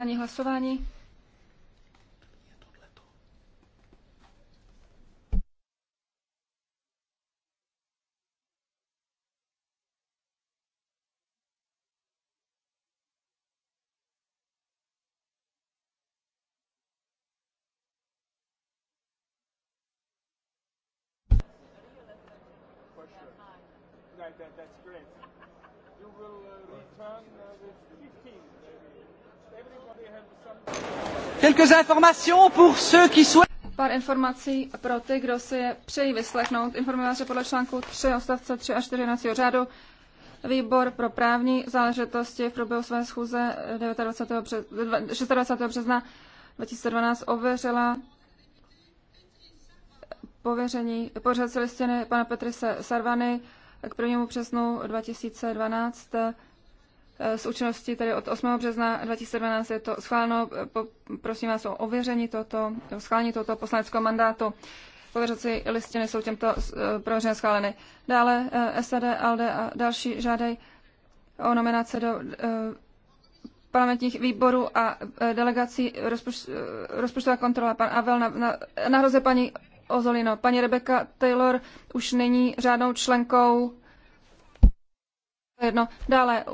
Ani hlasování. Right, that, that's great. You will uh, return. Uh, Pár informací pro ty, kdo si je přejí vyslechnout. Informuji vás, že podle článku 3 odstavce 3 a 4 jednacího řádu Výbor pro právní záležitosti v průběhu své schůze 26. března 2012 ověřila pověření pořadce listiny pana Petrise Sarvany k 1. březnu 2012 s eh, účinností tedy od 8. března 2012 je to schváleno. Eh, prosím vás o ověření tohoto, schválení tohoto poslaneckého mandátu. Pověřovací listiny jsou těmto eh, prověřeně schváleny. Dále SAD, ALDE a další žádají o nominace do parlamentních výborů a delegací rozpoč, rozpočtová kontrola. Pan Avel na, na, na hroze paní Ozolino. Paní Rebecca Taylor už není řádnou členkou. Jedno. Dále